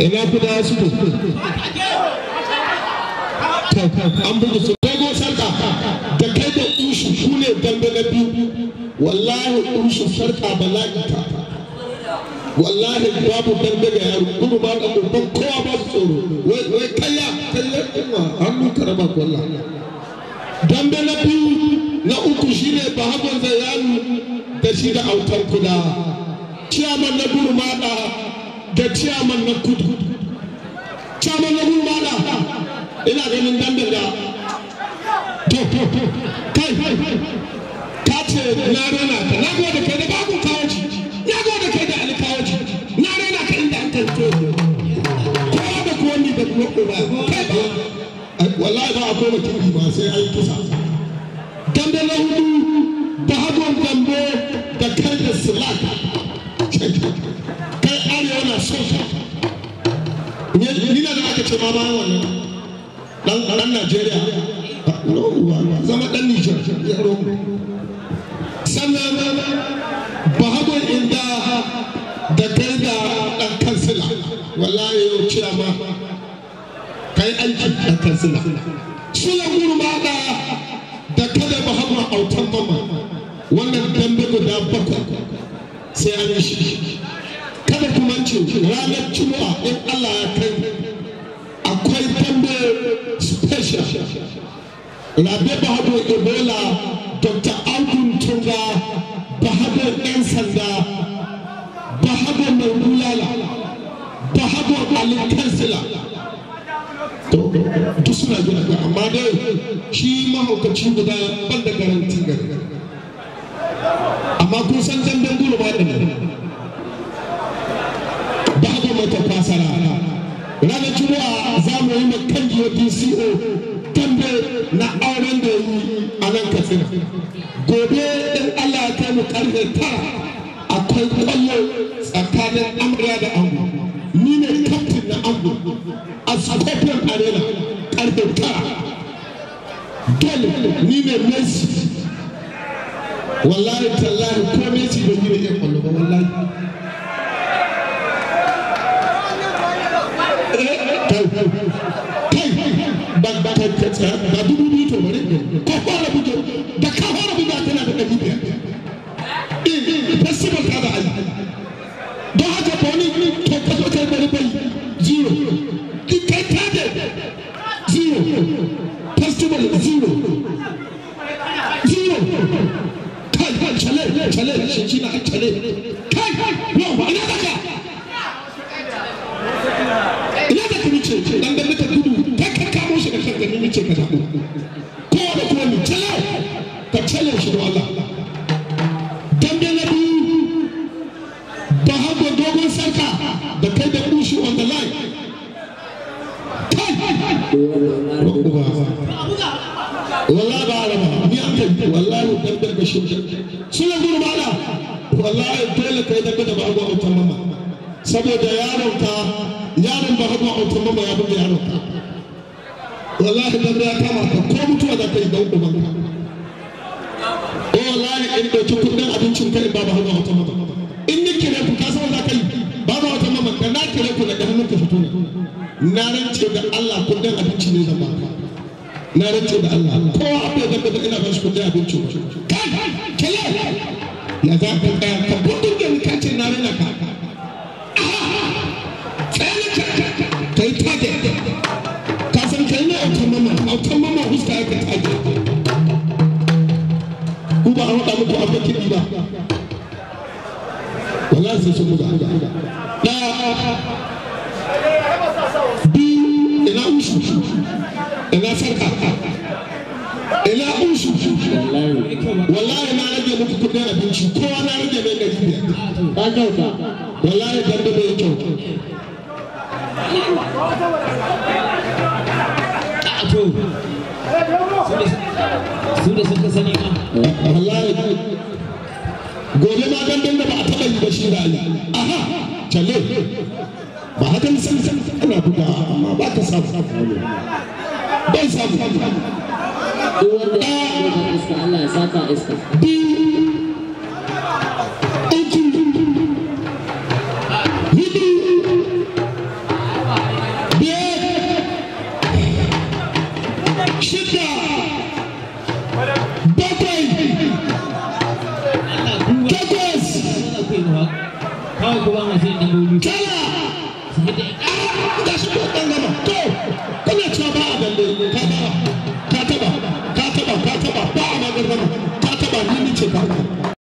ina kuma su an bugu su dogo sarka da kai da ushu su ne dambe na biyu wallahi ushu sarka bala'ita wallahi babu dambe da yaro gudu ba da ban kowa ba su tsoro wai kalla kalla kuma hannu karama kwalla dambe na biyu na uku shine bahagon zayanu da shi da autar kuda ciyaman na gurmada da ciyaman na kudu ciyaman na kudu mala ina ganin dandar da to to to kai ka ce na rena ka na da kai da babu kawaci na gode kai da alkawaci na rena ka inda an kanto kowa da kowa ni da kuma kai ba wallahi ba akwai mutum ba sai an kusa dambe na hudu da hagon dambe da kai da silaka son ka ni na da aka ce ma bayan wannan dan dan Najeriya zama dan Niger sannan bahagon inda da kai dan kansila wallahi yau ma kai aiki dan kansila da da kada bahagon autan mama wannan dambe guda bakwai sai an yi shi da kuma ranar juma'a in Allah ya kai akwai tambe special rabe bahado ebola dr audun tunga bahado yan sanda bahado mai bahado alin kansila duk suna gina ga amma dai shi mahaukaci guda ban da garanti gari amma kun san zan ba da mai fasara ranar juma'a za mu yi mai kan dco tambe na auren da yi a nan katsina gobe in allah ya kai mu karfe tara akwai kwallo tsakanin amarya da ango ni ne kaftin na ango a scorpion arena karfe tara gel ni ne messi wallahi tallahi ko messi bai yi da yan kwallo ba wallahi ba dubu biyu to bari ko kwana bujo da ka fara buga tana da ɗari biyar in festival ka ba a yi don haka ba wani to ka zo kai bari bai zero duk kai ta da zero festival zero zero kai kai chale chale shi na chale kai kai yau ba ina da ka ina da ka ni ce dan da ka gudu ce ka zaɓo ko da ko ni tala ka tala shi da Allah tambe na biyu da dogon sarka da kai da kushi on the line wallahi ba alama ni an kai wallahi dan shi suna gudu wallahi dole kai da ba mama saboda yaron yaron ba mama ya buga yaron wallahi dan ya kama ka ko mutuwa za ta yi dan uban ka ko eh, wallahi in dauki kudin abincin ka in babu hawa wata mata in ni kire ku ka san za ka yi babu wata mama da na kire ku da dan ka fito ne na rance da Allah kudin abinci ne zan baka na rance da Allah kowa abin da ka ina ba shi kudin abinci kai kele ya za ka tsaya ka gudun da ka ce na rina ka kai ta autan mama huska ya kai aje ku ba a roƙa muku a bakin dina wallahi sai sun buga da biyu ina usu ina sarka ina usu wallahi na rage muku kudin abinci kowa na rage mai ɗari biyar ba kyauta wallahi dan da bai kyauta ato su da sani wallahi gobe ma gandun da ba a taɓa yi ba shi aha chale ba hakan san san ana buga amma ba ka samu samu duk wanda Allah ya saka iska That's what I'm talking